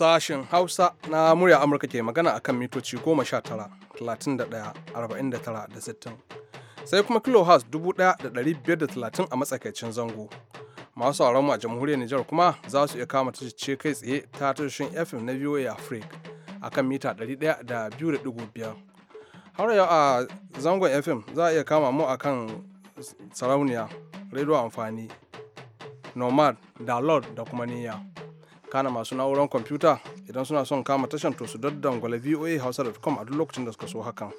sashen Hausa na murya Amurka ke magana akan mitoci 19, 31, da Sai kuma kilohertz 1530 a matsakaicin zango. Masu a mu a jamhuriyar Nijar kuma za su iya kama ce kai tsaye ta tashoshin FM na VOA Africa kan mita da biyar Har yau a zangon FM za a iya kama mu a kan sarauniya, rediyo amfani, nomad, da lord da kuma niyya. kana masu na'urar kwamfuta idan suna son kama tashan to su daddangwale voa hausa.com a duk lokacin da suka so hakan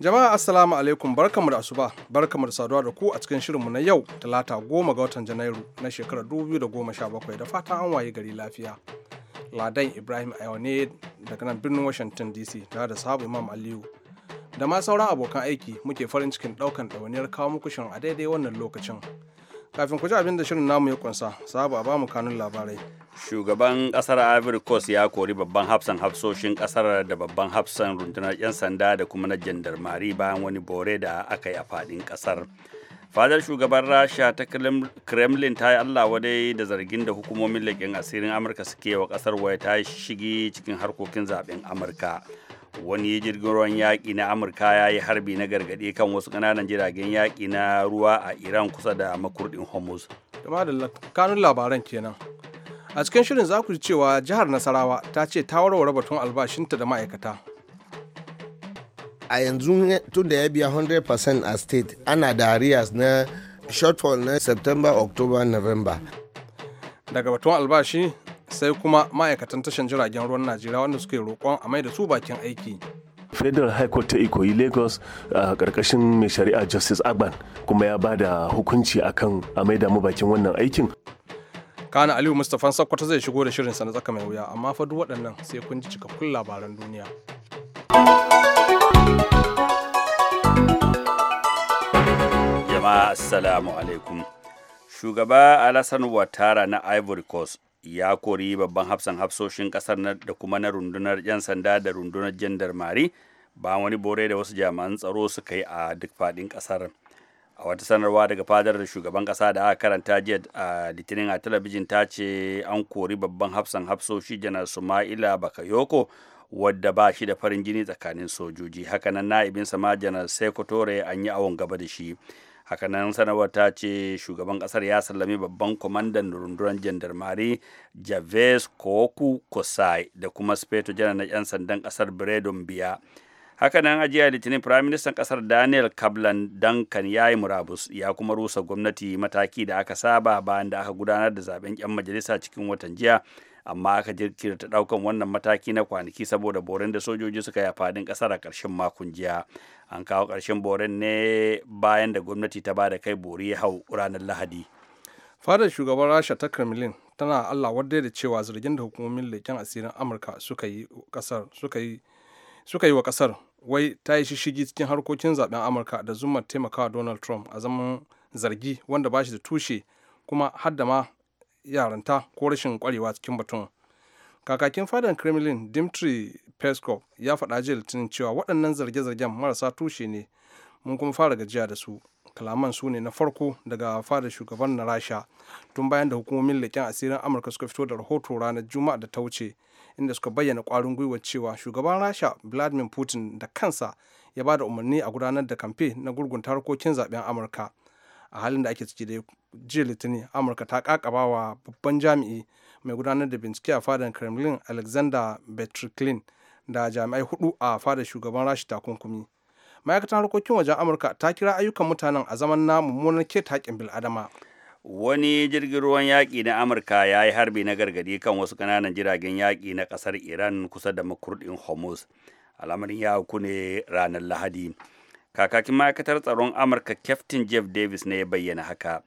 jama'a assalamu alaikum barkamu da asuba barkamu da saduwa da ku a cikin shirinmu na yau talata goma ga watan janairu na shekarar 2017 da sha bakwai da fatan an waye gari lafiya ladan ibrahim a ne daga nan birnin washington dc tare da sabu imam aliyu da ma sauran abokan aiki muke farin cikin daukan ɗawainiyar kawo muku shirin a daidai wannan lokacin kafin ku ji abin da shirin namu ya kunsa sabu a ba mu kanun labarai shugaban kasar ivory coast ya kori babban hafsan hafsoshin kasar da babban hafsan rundunar 'yan sanda da kuma na jandarmari bayan wani bore da aka yi a fadin kasar fadar shugaban rasha ta kremlin ta yi allah wadai da zargin da hukumomin leƙen asirin amurka suke wa kasar waya ta shigi cikin harkokin zaben amurka wani jirgin ruwan yaƙi na amurka ya yi harbi na gargaɗi kan wasu ƙananan jiragen yaƙi na ruwa a iran kusa da makurɗin hormuz kanun labaran kenan a cikin shirin za ku ji cewa jihar nasarawa ta ce ta warware batun albashinta da ma'aikata a yanzu tun da ya biya 100% a state ana da arias na shortfall na september october november daga batun albashi sai kuma ma'aikatan tashan jiragen ruwan najeriya wanda suke roƙon a mai da su bakin aiki federal high court ta ikoyi lagos a karkashin mai shari'a justice agban kuma ya ba da hukunci akan a maida mu bakin wannan aikin kana aliyu mustafan sakkwato zai shigo da shirin na tsaka mai wuya amma fa duk waɗannan sai kun ji cikakkun labaran duniya jama'a assalamu alaikum shugaba alasan watara na ivory coast ya kori babban hafsan hafsoshin kasar da kuma na rundunar 'yan sanda da rundunar jandar mari ba wani bore da wasu jami'an tsaro suka yi a duk faɗin ƙasar a wata sanarwa daga fadar da shugaban ƙasa da aka karanta jiya a litinin a talabijin ta ce an kori babban hafsan hafsoshi janar suma'ila bakayoko wadda ba shi da farin jini tsakanin sojoji hakanan na'ibinsa ma janar sekotore an yi awon gaba da shi hakanan sanarwar ta ce shugaban kasar ya sallami babban kwamandan rundunar jandarmari javes koku kosai da kuma speto janar na 'yan sandan kasar bredon biya hakanan ajiya litinin litinin firaministan kasar daniel kablan duncan ya yi murabus ya kuma rusa gwamnati mataki da aka saba bayan da aka gudanar da zaben 'yan majalisa cikin watan jiya amma aka ta ɗaukan wannan mataki na kwanaki saboda boren da sojoji suka yi a fadin kasar a ƙarshen makon jiya an kawo ƙarshen boren ne bayan da gwamnati ta ba da kai bori ya hau ranar lahadi fadar shugaban rasha ta kremlin tana allah wadda da cewa zargin da hukumomin leken asirin amurka suka yi wa ƙasar wai ta yi shishigi cikin harkokin zaben amurka da zumar taimakawa donald trump a zaman zargi wanda ba shi da tushe kuma hadda ma yaranta ko rashin kwarewa cikin batun kakakin fadan kremlin dimitri peskov ya faɗa jiya litinin cewa waɗannan zarge-zargen marasa tushe ne mun kuma fara gajiya da su kalaman su ne na farko daga fadar shugaban na rasha tun bayan da hukumomin leƙen asirin amurka suka fito da rahoto ranar juma'a da ta wuce inda suka bayyana ƙwarin gwiwar cewa shugaban rasha vladimir putin da kansa ya ba da umarni a gudanar da kamfe na gurgunta harkokin zaɓen amurka a halin da ake ciki dai jiya litinin amurka ta kakaba wa babban jami'i mai gudanar da bincike a fadar kremlin alexander betriklin da jami'ai hudu a fadar shugaban rashi takunkumi ma'aikatan harkokin wajen amurka ta kira ayyukan mutanen a zaman na mummunar ket haƙƙin bil'adama wani jirgin ruwan yaƙi na amurka ya yi harbi na gargadi kan wasu ƙananan jiragen yaƙi na ƙasar iran kusa da makurɗin hormuz al'amarin ya hauku ne ranar lahadi kakakin ma'aikatar tsaron amurka captain jeff davis ne ya bayyana haka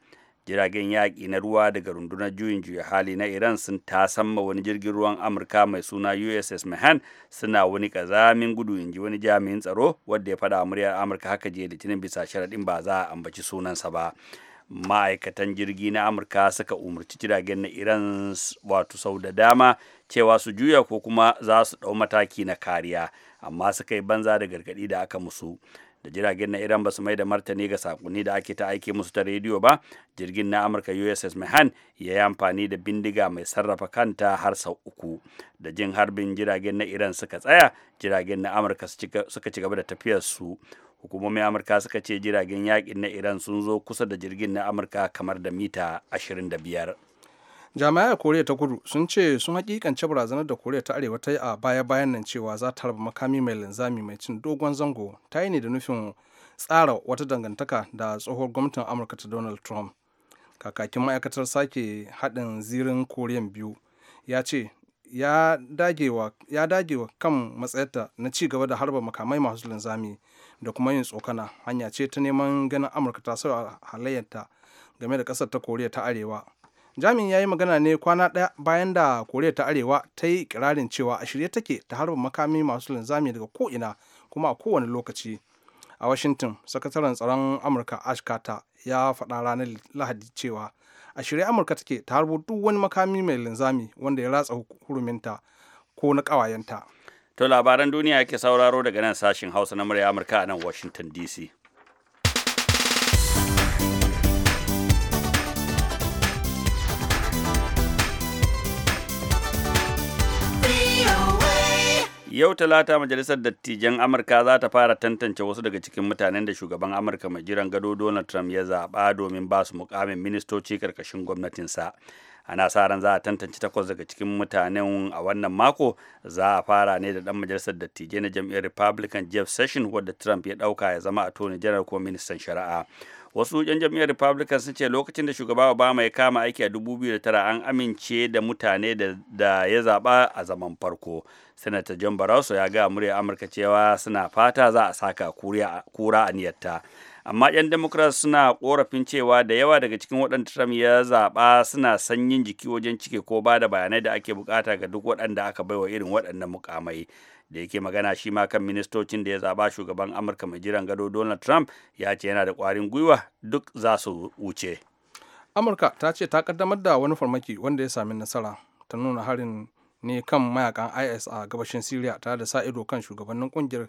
jiragen yaƙi na ruwa daga rundunar juyin juya hali na iran sun tasamma wani jirgin ruwan amurka mai suna uss mahan suna wani ƙazamin gudu inji wani jami'in tsaro wadda ya faɗa muryar amurka haka jiya litinin bisa sharaɗin ba za a ambaci sunansa ba ma'aikatan jirgi na amurka suka umarci jiragen na iran wato sau da dama cewa su juya ko kuma za su ɗau mataki na kariya amma suka yi banza da gargaɗi da aka musu da jiragen na iran ba su mai da martani ga sakonni da ake ta aike musu ta rediyo ba jirgin na amurka uss mahan ya yi amfani da bindiga mai sarrafa kanta har sau uku da jin harbin jiragen na iran suka tsaya jiragen na amurka suka ci gaba da tafiyar su hukumomin amurka suka ce jiragen yakin na iran sun zo kusa da jirgin na amurka kamar da mita 25 jami'ai koriya ta kudu sun ce sun hakikance barazanar da koriya ta arewa ta yi a baya-bayan nan cewa za ta raba makami mai linzami mai cin dogon zango ta yi ne da nufin tsara wata dangantaka da tsohuwar gwamnatin amurka ta donald trump kakakin ma'aikatar sake haɗin zirin koriyan biyu ya ce ya dagewa kan matsayarta na ci gaba da harba makamai masu linzami da kuma yin tsokana hanya ce ta neman ganin amurka ta sauya halayyarta game da ƙasar ta koriya ta arewa jami'in ya yi magana ne kwana ɗaya bayan da koriya ta arewa ta yi kirarin cewa a shirye take ta harba makami masu linzami daga ko'ina kuma a kowane lokaci a washington sakataren tsaron amurka ash carter ya faɗa ranar lahadi cewa a shirye amurka take ta harbo duk wani makami mai linzami wanda ya ratsa huruminta ko na ƙawayenta to labaran duniya ke sauraro daga nan sashen hausa na murya amurka a nan washington dc Yau Talata Majalisar Dattijan Amurka za ta fara tantance wasu daga cikin mutanen da shugaban Amurka mai jiran gado Donald Trump ya zaɓa domin ba su mukamin ministoci karkashin gwamnatinsa. Ana sa ran za a tantance takwas daga cikin mutanen a wannan mako za a fara ne da ɗan majalisar dattijai na jam'iyyar Republican Jeff Sessions wadda Trump ya ɗauka ya zama a tone janar ko ministan shari'a. wasu yan jam'iyyar republican sun ce lokacin da shugaba obama ya kama aiki a 2009 an amince da mutane da, ya zaba a zaman farko senator john barroso ya ga murya amurka cewa suna fata za a saka kura a niyatta amma 'yan democrat suna korafin cewa da yawa daga cikin waɗanda trump ya zaɓa suna sanyin jiki wajen cike ko ba da bayanai da ake bukata ga duk waɗanda aka baiwa irin waɗannan mukamai da yake magana shi ma kan ministocin da ya zaba shugaban amurka mai jiran gado donald trump ya ce yana da kwarin gwiwa duk za su wuce amurka ta ce ta kaddamar da wani farmaki wanda ya sami nasara ta nuna harin ne kan mayakan is a gabashin syria tare da sa ido kan shugabannin kungiyar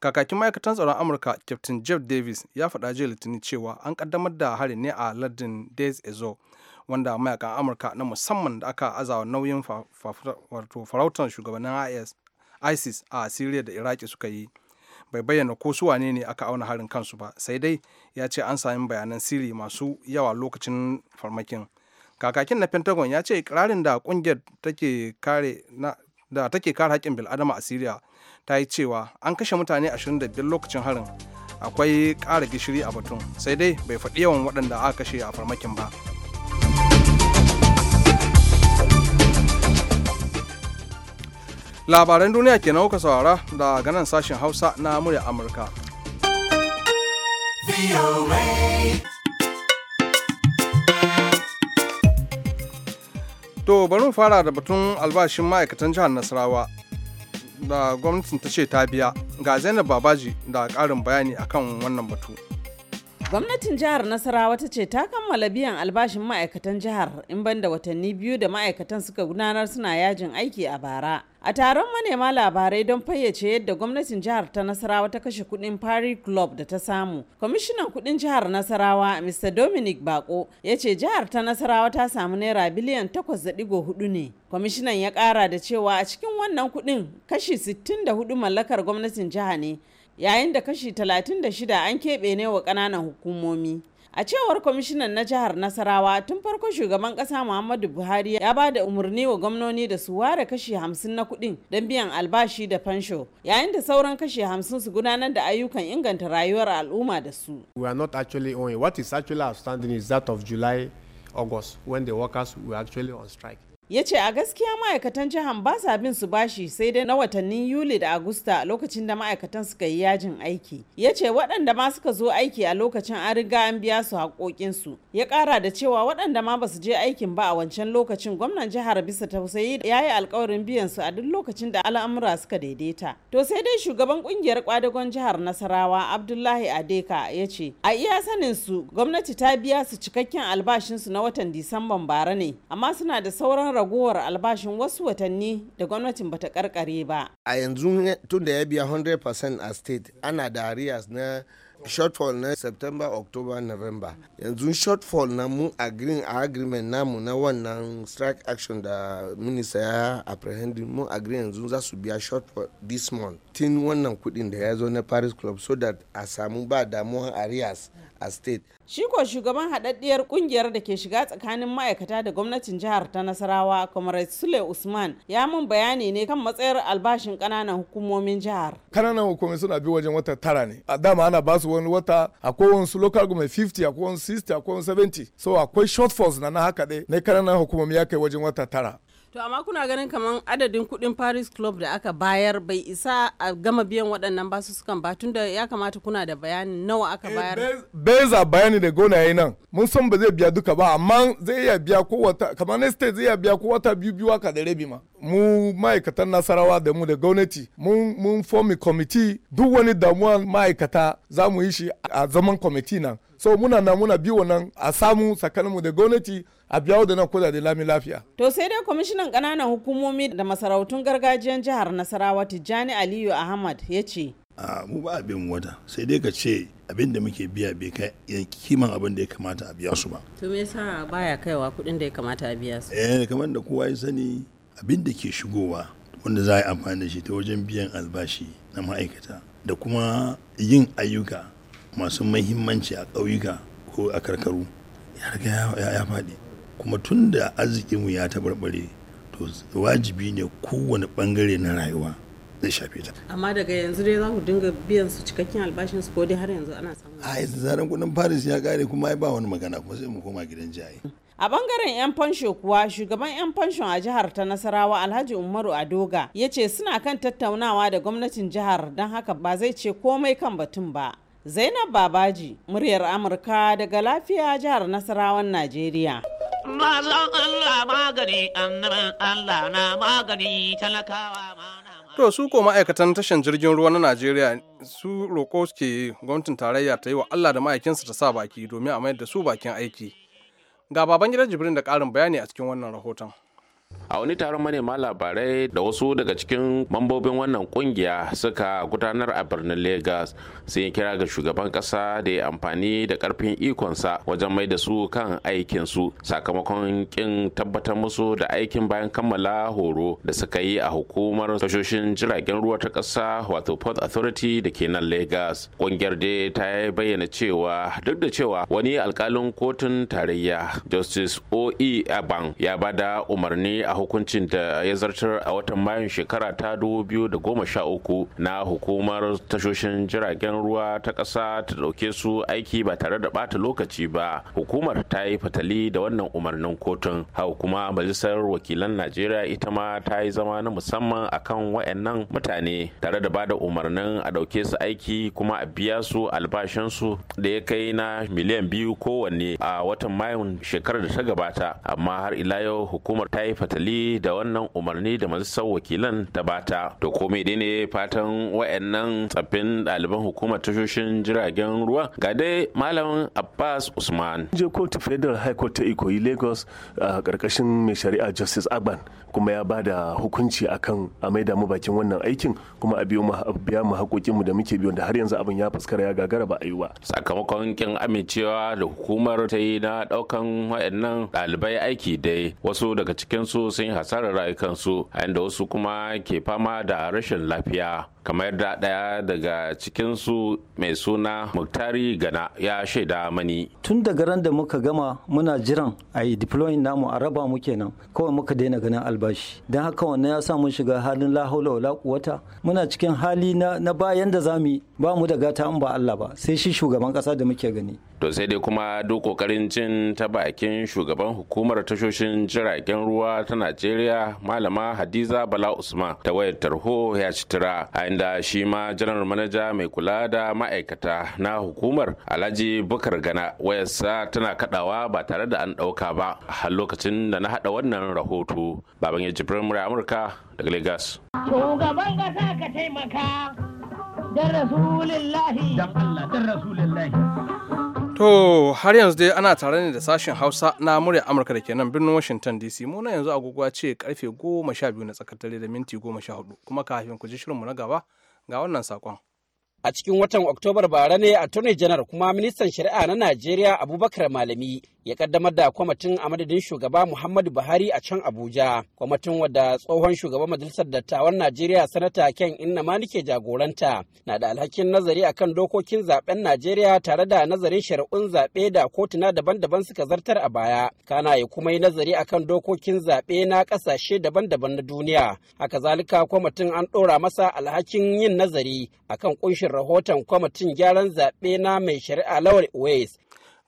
kakakin ma'aikatan tsaron amurka captain jeff davis ya faɗa jiya litinin cewa an kaddamar da harin ne a lardin days ezo wanda mayakan amurka na musamman da aka azawa nauyin farautar shugabannin is isis a siriya da iraki suka yi bai bayyana ko su wane ne aka auna harin kansu ba sai dai ya ce an sami bayanan sirri masu yawa lokacin farmakin kakakin na pentagon ya ce ikirarin da kungiyar take kare da take kare haƙƙin bil'adama a syria ta yi cewa an kashe mutane 25 lokacin harin akwai ƙara gishiri a batun sai dai bai faɗi yawan waɗanda aka kashe a farmakin ba. labaran duniya kenan kuka saurara daga nan sashen hausa na murya amurka to bari mu fara da batun albashin ma'aikatan jihar nasarawa da gwamnatin ta ce ta biya ga zainab babaji da ƙarin bayani akan wannan batu Gwamnatin jihar Nasarawa ta ce ta kammala biyan albashin ma'aikatan jihar in banda watanni biyu da ma'aikatan suka gudanar suna yajin aiki a bara. A taron manema labarai don fayyace yadda gwamnatin jihar ta Nasarawa ta kashe kudin Pari Club da ta samu. Kwamishinan kudin jihar Nasarawa Mr. Dominic Bako ya ce jihar ta Nasarawa ta samu naira biliyan 8.4 ne. Kwamishinan ya kara da cewa a cikin wannan kudin kashi 64 mallakar gwamnatin jiha ne. yayin da kashi 36 an keɓe ne wa ƙananan hukumomi. A cewar kwamishinan na jihar Nasarawa tun farko shugaban ƙasa Muhammadu Buhari ya ba da umarni wa gwamnoni da su ware kashi hamsin na kuɗin don biyan albashi da fansho yayin da sauran kashi hamsin su gudanar da ayyukan inganta rayuwar al'umma da su. We are not actually only What is actually outstanding is that of July, August when the workers were actually on strike. ya ce a gaskiya ma'aikatan jihar ba sa bin su bashi sai dai na watannin yuli da agusta lokacin da ma'aikatan suka yi yajin aiki ya ce waɗanda ma suka zo aiki a lokacin an riga an biya su haƙoƙinsu ya ƙara da cewa waɗanda ma ba su je aikin ba a wancan lokacin gwamnan jihar bisa tausayi ya yi alkawarin biyan su a duk lokacin da al'amura suka daidaita to sai dai shugaban ƙungiyar kwadagon jihar nasarawa abdullahi adeka ya ce a iya sanin su gwamnati ta biya su cikakken albashinsu na watan disamban bara ne amma suna da sauran ragowar albashin wasu watanni da gwamnatin bata karkare ba a yanzu tun da ya biya 100% a state ana da arias na shortfall na september october november yanzu shortfall na mu green a agreement namu na wannan strike action da minister ya apprehend mu agree yanzu za su biya shortfall this month tin wannan kudin da ya zo na paris club so that a samu ba damuwan arias a state shi ko shugaban haɗaɗɗiyar kungiyar da ke shiga tsakanin ma'aikata da gwamnatin jihar ta nasarawa comrade sule usman ya mun bayani ne kan matsayar albashin kananan hukumomin jihar ƙananan hukumomi suna bi wajen wata tara ne a dama ana basu wasu wani wata akwai wasu local government 50 akwai wasu 60 akwai wasu 70 so akwai shortfalls na na haka dai na kananan hukumomi ya kai wajen wata tara To amma kuna ganin kamar adadin kuɗin Paris Club da aka bayar bai isa a gama biyan waɗannan basu sukan ba tunda ya kamata kuna da bayani nawa aka eh, bayar. Beza bayani da gona yayi nan mun san ba zai biya duka ba amma zai iya biya ko wata kamar na state zai iya biya ko wata biyu biyu haka da rabi ma. Mu ma'aikatan Nasarawa da mu da gwamnati mun mun fomi kwamiti duk wani damuwa ma'aikata za mu yi shi a zaman kwamiti nan. So muna na muna bi wannan a samu tsakaninmu da gwamnati a biya da nan kudade lami lafiya. To sai dai kwamishinan ƙananan hukumomi da masarautun gargajiyar jihar Nasarawa Tijjani Aliyu Ahmad ya ce. A mu ba abin wata sai dai ka ce abin da muke biya bai kai kiman abin da ya kamata a biya su ba. To me yasa baya kaiwa kuɗin da ya kamata a biya su? Eh kamar da kowa ya sani abin da ke shigowa wanda za a yi amfani da shi ta wajen biyan albashi na ma'aikata da kuma yin ayyuka masu mahimmanci a ƙauyuka ko a karkaru ya ya faɗi. kuma tun da arzikinmu ya taɓarɓare to wajibi ne kowane ɓangare na rayuwa zai shafe ta amma daga yanzu dai za ku dinga biyan su cikakken albashin su ko dai har yanzu ana samu. a yanzu zaren kudin paris ya kare kuma ai ba wani magana kuma sai mu koma gidan jaye a bangaren 'yan fansho kuwa shugaban 'yan fanshon a jihar ta nasarawa alhaji umaru adoga ya ce suna kan tattaunawa da gwamnatin jihar don haka ba zai ce komai kan batun ba zainab babaji muryar amurka daga lafiya jihar nasarawan najeriya Mazan Allah magani, annabin Allah na magani, talakawa To su ko ma'aikatan tashan jirgin ruwa na Najeriya su roƙo suke gwamnatin tarayya ta yi wa Allah da ma'aikinsa ta sa baki domin a mayar da su bakin aiki. Ga baban gidan Jibrin da ƙarin bayani a cikin wannan rahoton. a wani taron manema labarai da wasu daga cikin mambobin wannan kungiya suka gudanar a birnin Legas, sun yi kira ga shugaban kasa da ya amfani da karfin ikonsa wajen mai da su kan aikinsu sakamakon kin tabbatar musu da aikin bayan kammala horo da suka yi a hukumar tashoshin jiragen ruwa ta kasa wato port authority da ke nan lagos kungiyar dai ta bayyana cewa duk da cewa wani alkalin kotun tarayya justice oe Abang ya bada umarni a hukuncin da ya zartar a watan mayun shekara ta 2013 na hukumar tashoshin jiragen ruwa ta ƙasa ta ɗauke su aiki ba tare da bata lokaci ba hukumar ta yi fatali da wannan umarnin kotun hau kuma majalisar wakilan najeriya ita ma ta yi zama na musamman akan wayannan mutane tare da bada umarnin a ɗauke su aiki kuma a biya su albashinsu da ya kai na miliyan biyu kowanne a watan mayun shekarar da ta gabata amma har ila yau hukumar ta yi fatali da wannan umarni da majalisar wakilan ta bata to komai dai ne fatan wayannan tsaffin ɗaliban hukumar tashoshin jiragen ruwa ga dai malam abbas usman je kotu federal high court ta ikoyi lagos a karkashin mai shari'a justice aban kuma ya ba da hukunci akan a maida mu bakin wannan aikin kuma a biyo biya mu haƙoƙinmu da muke biyo da har yanzu abin ya fuskara ya gagara ba a yi ba sakamakon kin amincewa da hukumar ta yi na ɗaukan wayannan ɗalibai aiki dai wasu daga cikinsu wasu sun yi hasarar rayukansu a inda wasu kuma ke fama da rashin lafiya kamar yadda ɗaya daga cikinsu mai suna muktari gana ya shaida mani tun daga ran da muka gama muna jiran a yi diploin namu a raba mu kenan kawai muka daina ganin albashi don haka wannan ya sa mun shiga halin lahaula wala kuwata muna cikin hali na, bayan da zamu ba mu da gata in ba Allah ba sai shi shugaban kasa da muke gani to sai dai kuma duk kokarin cin ta bakin shugaban hukumar tashoshin jiragen ruwa ta Najeriya malama Hadiza Bala Usman ta wayar tarho ya citira tira inda shi ma janar manaja mai kula da ma'aikata na hukumar alhaji bukar gana wayarsa tana kadawa ba tare da an dauka ba har lokacin da na hada wannan rahoto baban ya jibrin murya amurka daga lagos shugaban kasa ka taimaka da rasulillahi da allah To har yanzu dai ana tare ne da sashen Hausa na murya Amurka da ke nan birnin Washington DC. Muna yanzu agogo ce karfe goma sha biyu na tsakar da minti goma sha Kuma kafin ku ji shirinmu na gaba ga wannan sakon. a cikin watan oktobar bara ne attorney Janar kuma ministan shari'a na najeriya abubakar malami ya kaddamar da kwamitin a madadin shugaba muhammadu buhari a can abuja kwamitin wadda tsohon shugaban majalisar dattawan najeriya sanata ken inna ke jagoranta na da alhakin nazari akan dokokin zaben najeriya tare da nazarin shari'un zaɓe da kotuna daban-daban suka zartar a baya kana ya kuma yi nazari akan dokokin zaɓe na ƙasashe daban-daban na duniya haka zalika kwamitin an ɗora masa alhakin yin nazari akan ƙunshin rahoton kwamitin gyaran zaɓe na mai shari'a lawal ways.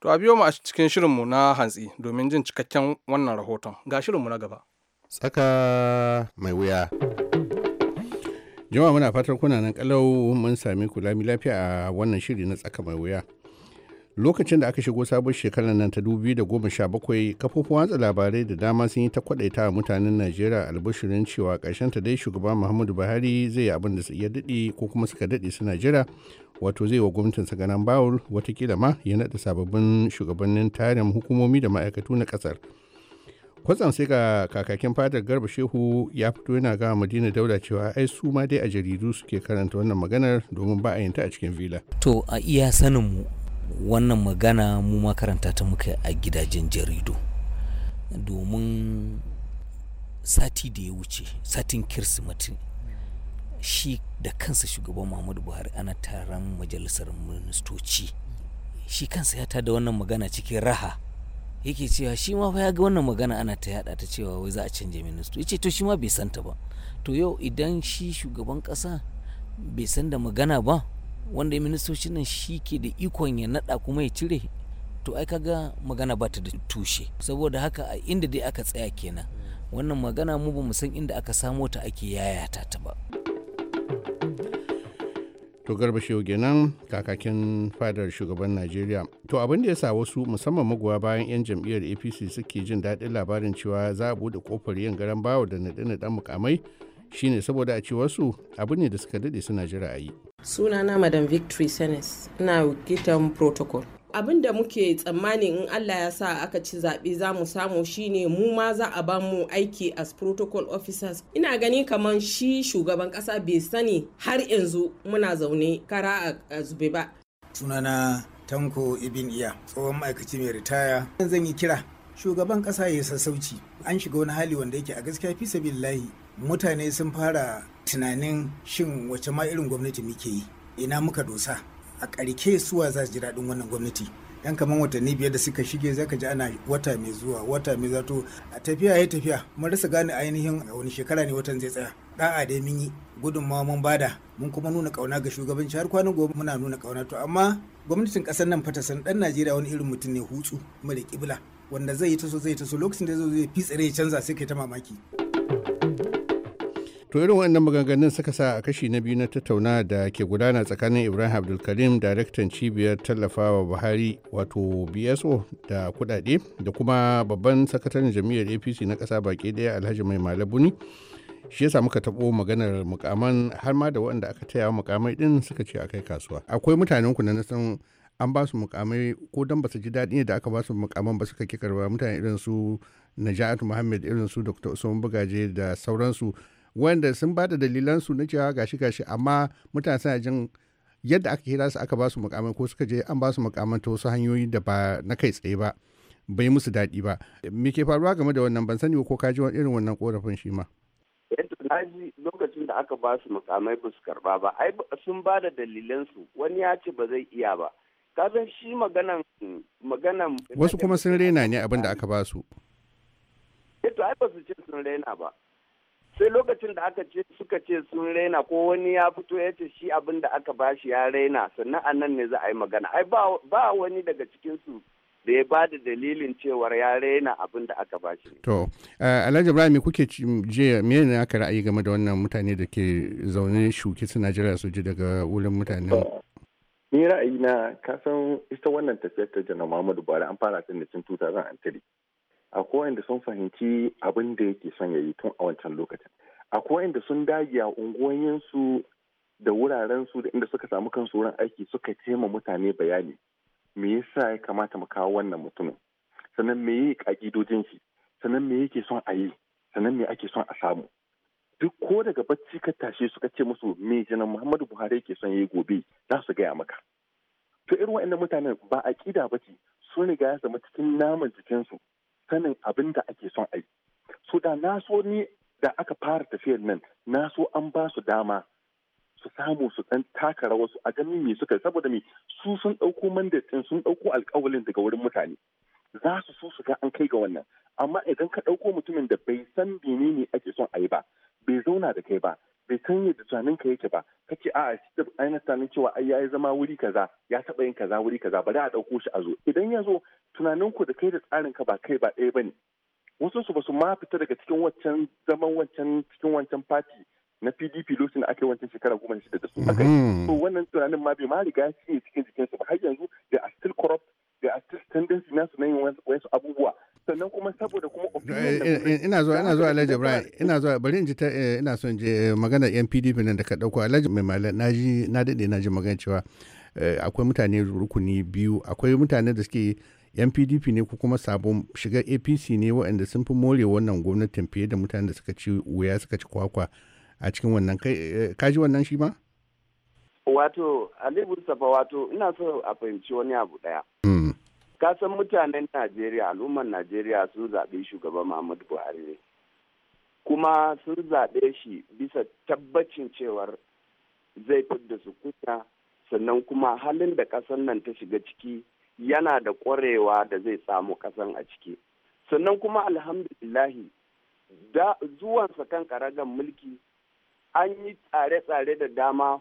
To a biyo mu a cikin shirinmu na hantsi domin jin cikakken wannan rahoton. Ga shirinmu na gaba. Tsaka mai wuya. Jama'a muna fatar kuna nan kalau mun sami kula lafiya a wannan shiri na tsaka mai wuya. lokacin da aka shigo sabon shekarar nan ta bakwai kafofin watsa labarai da dama sun yi ta kwadaita a mutanen najeriya albashirin cewa karshen ta dai shugaban muhammadu buhari zai yi abin da su iya daɗe ko kuma suka daɗe suna jira wato zai wa sa ganan bawul watakila ma ya naɗa sababbin shugabannin tarin hukumomi da ma'aikatu na ƙasar kwatsam sai ga kakakin fadar garba shehu ya fito yana gawa madina daula cewa ai su ma dai a jaridu suke karanta wannan maganar domin ba a yin ta a cikin vila to a iya sanin mu wannan magana mu makaranta ta muka a gidajen jaridu domin sati da ya wuce satin kirsimati shi da kansa shugaban muhammadu buhari ana taron majalisar ministoci shi kansa ya tada wannan magana cikin raha yake cewa shi ma fa ya ga wannan magana ana ta yada ta cewa wai za a canja ministoci yace to shi ma bai santa ba to yau idan shi shugaban kasa bai san da magana ba wanda ya ministoci nan shi ke da ikon ya naɗa kuma ya cire to ai kaga magana ba ta da tushe saboda haka a inda dai aka tsaya kenan wannan magana mu ba mu san inda aka samo ta ake yayata ta ba to garba shehu kenan kakakin fadar shugaban najeriya to abin da ya sa wasu musamman magoya bayan 'yan jam'iyyar apc suke jin daɗin labarin cewa za a buɗe kofar yin garan bawa da naɗe-naɗen mukamai shine saboda a ce wasu abu ne da suka daɗe suna jira a yi sunana madam victory senes ina wikitan protocol abin da muke tsammani in allah ya sa aka ci zaɓe za mu samu shine mu ma za a ba mu aiki as protocol officers ina gani kamar shi shugaban ƙasa bai sani har yanzu muna zaune kara a zube ba sunana tanko ibin iya tsohon ma'aikaci mai ritaya zan yi kira shugaban ƙasa ya sassauci an shiga wani hali wanda yake a gaskiya fi sabilillahi mutane sun fara tunanin shin wace ma irin gwamnati muke yi ina muka dosa a ƙarke suwa za su ji daɗin wannan gwamnati yan kamar watanni biyar da suka shige zaka ji ana wata mai zuwa wata mai zato a tafiya ya tafiya mun rasa gane ainihin wani shekara ne watan zai tsaya da'a dai mun yi gudunmawa mun bada mun kuma nuna kauna ga shugabanci har kwanan gobe muna nuna kauna to amma gwamnatin kasar nan fata san dan Najeriya wani irin mutum ne hutsu kuma kibla wanda zai yi taso zai taso lokacin da zai fi tsare ya canza sai kai ta mamaki to irin wannan maganganun suka sa a kashi na biyu na tattauna da ke gudana tsakanin ibrahim abdulkarim daraktan cibiyar tallafawa buhari wato bso da kudade da kuma babban sakataren jami'ar apc na kasa baki daya alhaji mai malabuni shi yasa muka taɓo maganar mukaman har ma da waɗanda aka taya mukamai ɗin suka ce akai kasuwa akwai mutanen ku na san an ba su mukamai ko dan ba su ji daɗi da aka ba su mukaman ba suka ki karba mutane irin su najat muhammad irin su dr usman bugaje da sauransu wanda sun ba da dalilansu na cewa gashi gashi amma mutane suna jin yadda aka kira su aka ba su mukamai ko suka je an ba su mukamai ta wasu hanyoyi da ba na kai tsaye ba bai musu daɗi ba me ke faruwa game da wannan ban sani ko ka ji irin wannan korafin shi ma eh ji lokacin da aka ba su mukamai ba su karba ba ai sun ba da dalilansu wani ya ce ba zai iya ba kasan shi maganan maganan wasu kuma sun rena ne abin da aka ba su eh ai ba su ce sun rena ba sai lokacin da aka ce suka ce sun raina ko wani ya fito ya ce shi abin da aka bashi ya raina sannan a nan ne za a yi magana ai ba wani daga cikinsu da ya ba da dalilin cewar ya raina abin da aka bashi to eh, alhaji ibrahim me kuke je me ne aka ra'ayi game da wannan mutane da ke zaune shuki su najeriya su ji daga wurin mutanen ni ra'ayi na kasan ita wannan tafiyar ta janar muhammadu buhari an fara ta ne tun 2003 akwai wanda sun fahimci abin da yake son ya yi tun a wancan lokacin akwai wanda sun dage a unguwanninsu da wurarensu da inda suka samu kansu wurin aiki suka ce ma mutane bayani me yasa ya kamata mu kawo wannan mutumin sannan me yake ka'idojin shi sannan me yake son a yi sannan me ake son a samu duk ko daga bacci ka tashe suka ce musu me jinan Muhammadu Buhari yake son yayi gobe za su gaya maka to irin wa'annan mutanen ba aƙida ba ce sun riga ya zama cikin naman jikinsu sanin abin da ake son ayi su da na so ni da aka fara tafiyar nan na so an ba su dama su samu su dan taka rawa su a ganin me suka saboda me su sun dauko ɗin sun ɗauko alƙawalin daga wurin mutane za su so su ga an kai ga wannan amma idan ka ɗauko mutumin da bai san menene ake son ayi ba bai zauna da kai ba bai san yadda tunanin ka yake ba Kake a'a shi da ainihin tunanin cewa ai yayi zama wuri kaza ya taba yin kaza wuri kaza bari a dauko shi a zo idan ya zo tunanin ku da kai da tsarin ka ba kai ba ɗaya bane wasu su basu ma fita daga cikin wancan zaman wancan cikin wancan fati na PDP lokacin da aka yi wancan shekara goma shida da su aka yi to mm-hmm. wannan tunanin ma bai ma riga shi cikin jikinsu ba har yanzu da a still corrupt da a still tendency su na yin wasu abubuwa sannan kuma saboda kuma eh, eh, ina zuwa ina zuwa Alhaji Ibrahim ina zuwa bari in ji eh, ina son je magana yan PDP nan da ka dauko Alhaji mai malam naji na dade na ji magana cewa akwai mutane rukuni biyu akwai mutane da suke yan pdp ne ko kuma sabon shigar apc ne waɗanda sun fi more wannan gwamnatin fiye da mutanen da suka ci wuya suka ci kwakwa a cikin wannan kaji wannan shi ma wato ali safa wato ina so a fahimci wani abu daya hmm. kasan mutanen najeriya al'ummar najeriya sun zaɓe shugaban muhammadu buhari ne kuma sun zaɓe shi bisa tabbacin cewar zai fidda su kunya sannan kuma halin da ƙasar nan ta shiga ciki yana da ƙwarewa da zai samu ƙasan a ciki sannan kuma alhamdulillahi da zuwansa kan karagan mulki an yi tsare-tsare da dama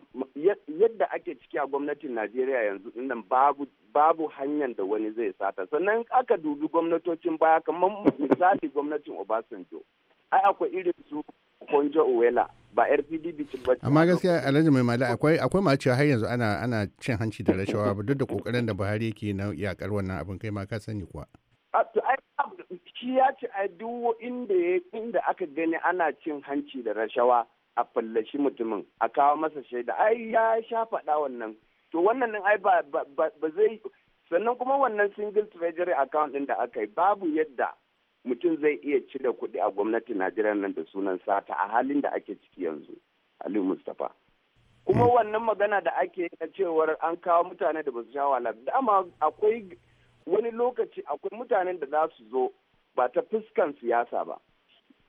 yadda ake ciki a gwamnatin najeriya yanzu nan babu babu hanyar da wani zai sata sannan aka dubi gwamnatocin baya kamar misali gwamnatin obasanjo ai akwai irin su konjo uwela ba rpdb ce ba amma gaskiya alhaji mai mali akwai akwai ma cewa har yanzu ana ana cin hanci da rashawa ba duk da kokarin da buhari yake na yakar wannan abin kai ma ka sani kuwa shi ya ce a duk inda inda aka gani ana cin hanci da rashawa a fallashi mutumin a kawo masa shaida ai ya sha faɗa wannan to wannan din ai ba zai sannan kuma wannan single treasury account din da aka yi babu yadda mutum zai iya cire kuɗi a gwamnati najeriya nan da sunan sata a halin da ake ciki yanzu aliyu mustapha kuma hmm. wannan magana da ake na cewar an kawo mutane da ba su sha wahala dama akwai wani lokaci akwai mutanen da za su zo ba ta fuskan siyasa ba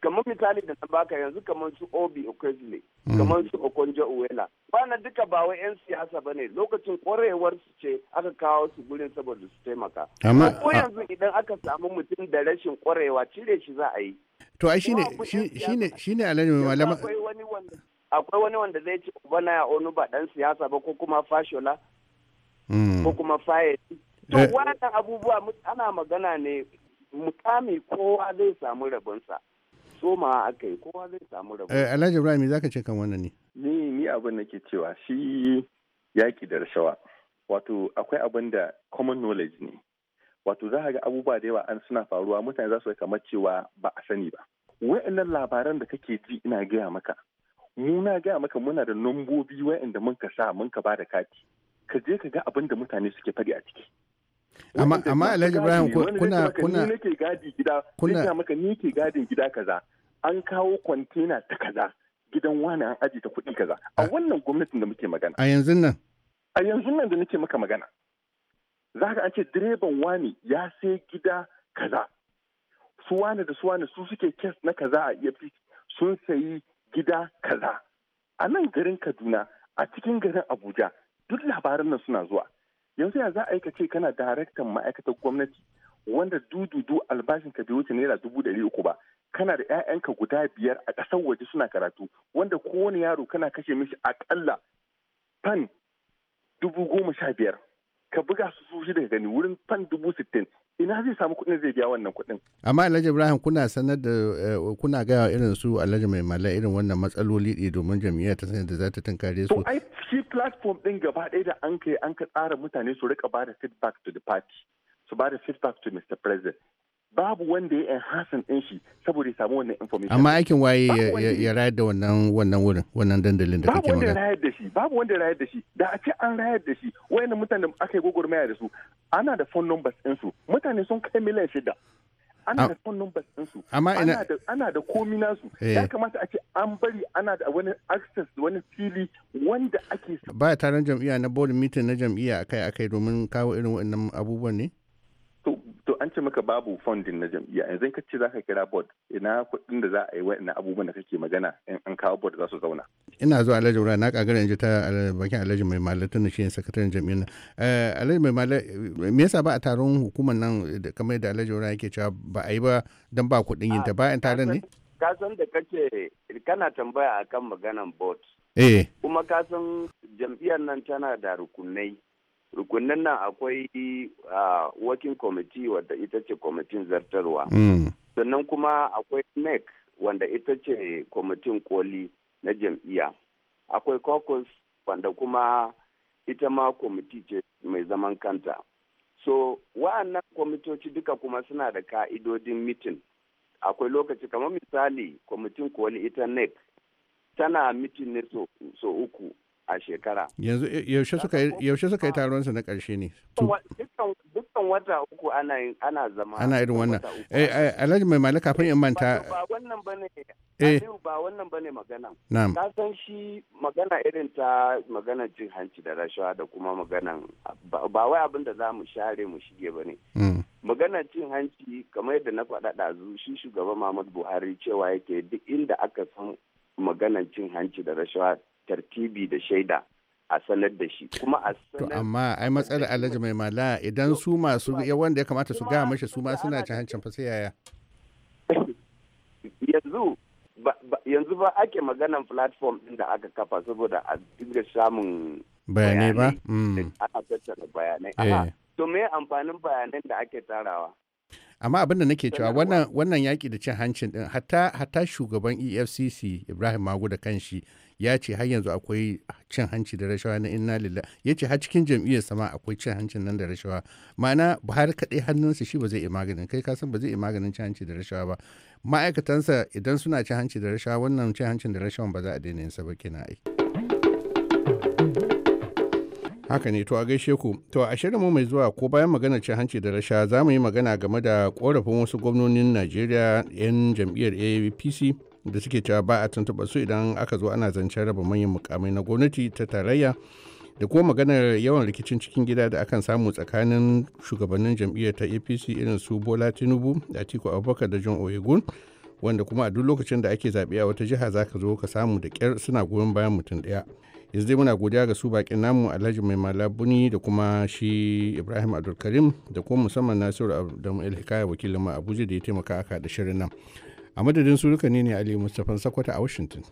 kamar misali da na baka yanzu kamar su obi okwesile hmm. kamar su okonjo uwela na duka ba wai 'yan siyasa ba ne lokacin ƙwarewar su ce aka kawo su gurin saboda su taimaka. Amma ko yanzu idan aka samu mutum da rashin ƙwarewa cire shi za a yi. To ai shine shine shine alani mai malama. Akwai wani wanda zai ci bana ya onu ba dan siyasa ba ko kuma fashola. Hmm. Ko kuma faye. To eh. wannan abubuwa ana magana ne mukami kowa zai samu rabonsa. soma aka yi kowa zai samu Eh, Alhaji Ibrahim za ka ce kan wannan ne? Ni ni abin ke cewa shi yaki da rashawa. Wato akwai abin da common knowledge ne. Wato za ka ga abubuwa da yawa an suna faruwa mutane za su kamar cewa ba a sani ba. Wa'annan labaran da kake ji ina gaya maka. Mu na gaya maka muna da nombobi wa'anda mun ka sa mun ka ba da kati. Ka je ka ga abin da mutane suke faɗi a ciki. amma amma Alhaji Ibrahim kuna kuna ni nake gadi gida kuna maka ni ke gadin gida kaza an kawo kwantena ta kaza gidan wani an aji ta kuɗi kaza a wannan gwamnatin da muke magana a yanzu nan a yanzu nan da nake maka magana za ka an ce direban wani ya sai gida kaza su wani da su wani su suke kes na kaza a efcc sun sayi gida kaza a nan garin kaduna a cikin garin abuja duk labaran nan suna zuwa yanzu ya za a yi ka ce kana daraktan ma'aikatar gwamnati wanda dududu albashin ka bai wuce naira dubu ɗari uku ba kana da 'ya'yanka guda biyar a ƙasar waje suna karatu wanda kowane yaro kana kashe mishi aƙalla fan dubu goma sha biyar ka buga su su shi daga gani wurin fan dubu sittin ina zai samu kuɗin zai biya wannan kuɗin. amma alhaji ibrahim kuna sanar da eh, kuna gaya irin su alhaji mai mala irin wannan matsaloli ɗi domin jam'iyyar ta sanar da za ta tunkare su. to ai shi platform ɗin gaba ɗaya da an kai an ka tsara mutane su rika ba da feedback to the party su ba da feedback to mr president babu wanda ya enhancing din shi saboda ya samu wannan information amma aikin waye ya rayar da wannan wannan wurin wannan dandalin da kake magana babu wanda ya rayar da shi babu wanda ya rayar da shi da a ce an rayar da shi wayannan mutane da aka yi gwagwarmaya da su ana da phone numbers din su mutane sun kai miliyan shida ana da phone numbers din su amma ina ana da komi su eh. ya kamata a ce an bari ana da wani access wani fili wanda ake ba taron jam'iyya na board meeting na jam'iyya akai akai domin kawo irin waɗannan abubuwan ne to an ce maka babu fondin na jam'iyya yanzu ka ce zaka kira board ina kuɗin da za a yi wa'annan abubuwan da kake magana in an kawo board za su zauna ina zuwa alhaji wura na kagara yanzu ta eh, bakin alhaji mai malatin da shi ne sakataren jam'iyyar eh, alhaji mai malatin me yasa ba a taron hukumar nan kamar yadda alhaji wura yake cewa ba a yi ba don ba kuɗin yin ta ba yan taron ne ka san da kace kana tambaya akan maganan board eh kuma ka san jam'iyyar nan tana da rukunai rukunin nan akwai working committee wadda ita ce kwamitin zartarwa mm. sannan kuma akwai nec wanda ita ce kwamitin koli na jam'iyya akwai caucus wanda kuma ita ma kwamiti ce mai zaman kanta so wa'annan kwamitoci duka kuma suna da ka'idodin mitin akwai lokaci kamar misali kwamitin koli ita nec tana mitin ne so, so uku a shekara. Yanzu yaushe suka yi taron su na ƙarshe ne? Dukkan wata uku ana zama. Ana irin wannan. Eh, eh Alhaji mai mali kafin eh, in manta. Ba wannan bane. Eh ba wannan bane magana. Na'am. Ka san shi magana irin ta magana cin hanci da rashawa da kuma magana ba wai abin da za mu share mu shige bane. Mm. Magana cin hanci kamar yadda na faɗa ɗazu shi shugaban Muhammadu Buhari cewa yake duk inda aka san maganan cin hanci da rashawa tartibi da shaida a sanar da shi kuma a sanar amma ai matsalar alhaji mai mala idan su masu wanda ya kamata su gaya mashi su ma suna ta hancin fa sai yaya yanzu yanzu ba ake maganan platform din da aka kafa saboda a dinga samun bayanai ba ana mm. tattara bayanai eh. to me amfanin bayanan da ake tarawa amma abin da nake cewa wannan yaƙi da cin hancin din hatta shugaban EFCC Ibrahim Magu da kanshi ya ce har yanzu akwai cin hanci da rashawa na inna lillah ya ce har cikin jam'iyyar sama akwai cin hancin nan da rashawa ma'ana buhari kaɗai hannunsa shi ba zai iya maganin kai ka san ba zai iya maganin cin hanci da rashawa ba ma'aikatansa idan suna cin hanci da rashawa wannan cin hancin da rashawan ba za a daina yin sa ba kina ai. haka ne to a gaishe ku to a shirin mu mai zuwa ko bayan magana cin hanci da rasha za mu yi magana game da korafin wasu gwamnonin najeriya 'yan jam'iyyar apc da suke cewa ba a tuntuɓa su idan aka zo ana zancen raba manyan mukamai na gwamnati ta tarayya da kuma maganar yawan rikicin cikin gida da akan samu tsakanin shugabannin jam'iyyar ta apc irin su bola tinubu da atiku abubakar da john oyegun wanda kuma a duk lokacin da ake zaɓe a wata jiha za ka zo ka samu da ƙyar suna goyon bayan mutum ɗaya yanzu dai muna godiya ga su bakin namu alhaji mai malabuni da kuma shi ibrahim abdulkarim da kuma musamman nasiru adamu el hikaya wakilin ma abuja da ya taimaka aka da shirin nan a madadin su duka ne ne ali mustapha sakwata a washington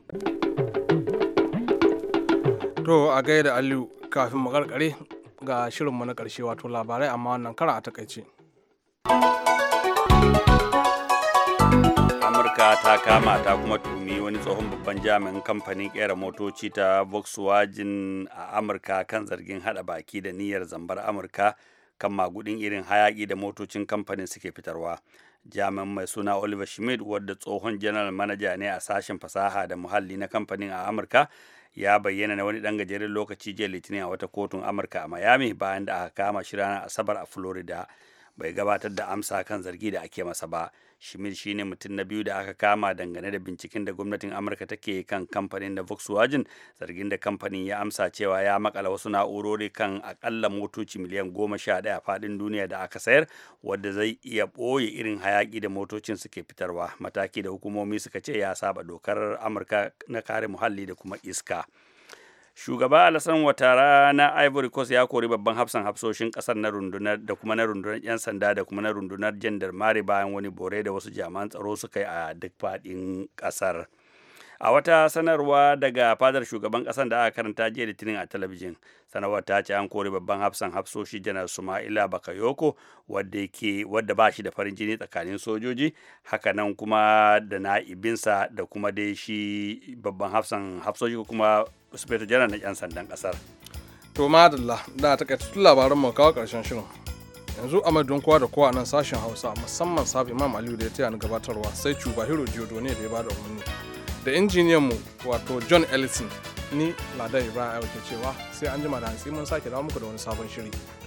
to a gaida aliyu kafin mu karkare ga shirin mu na karshe wato labarai amma wannan kara a takaice amurka ta kama ta kuma tumi wani tsohon babban jami'in kamfanin kera motoci ta volkswagen a amurka kan zargin hada baki da niyyar zambar amurka kan magudin irin hayaki da motocin kamfanin suke fitarwa jami'an mai suna oliver schmidt wadda tsohon janar manaja ne a sashen fasaha da muhalli na kamfanin a amurka ya bayyana na wani dan gajeren lokaci jiya litinin a wata kotun amurka a miami bayan da aka kama shi ranar asabar a florida bai gabatar da amsa kan zargi da ake masa ba shi ne mutum na biyu da aka kama dangane da binciken da gwamnatin Amurka take kan kamfanin da Volkswagen zargin da kamfanin ya amsa cewa ya makala wasu na'urori kan akalla motoci miliyan goma sha ɗaya faɗin duniya da aka sayar wadda zai iya ɓoye irin hayaƙi da motocin suke fitarwa mataki da hukumomi suka ce ya saba dokar Amurka na kare muhalli da kuma iska. shugaba alasan watara na ivory coast ya kori babban hafsan hafsoshin kasar na rundunar da kuma na rundunar 'yan sanda da kuma na rundunar mare bayan wani bore da wasu jami'an tsaro suka yi a duk faɗin kasar a wata sanarwa daga fadar shugaban kasar da aka karanta jiya litinin a talabijin sanarwar ta ce an kori babban hafsan hafsoshi janar suma'ila bakayoko wadda ke wadda ba shi da farin jini tsakanin sojoji hakanan kuma da na'ibinsa da kuma dai shi babban hafsan hafsoshi kuma ta General na 'yan sandan ƙasar. To madalla da ta kaitattun labaran mu kawo ƙarshen shirin. Yanzu a madadin kowa da kowa nan sashen Hausa musamman sabi Imam Aliyu da ya taya ni gabatarwa sai Cuba Hiro ne da ya bada umarni. Da injiniyan mu wato John Ellison ni Ladan Ibrahim ke cewa sai an jima da hantsi mun sake dawo muku da wani sabon shiri.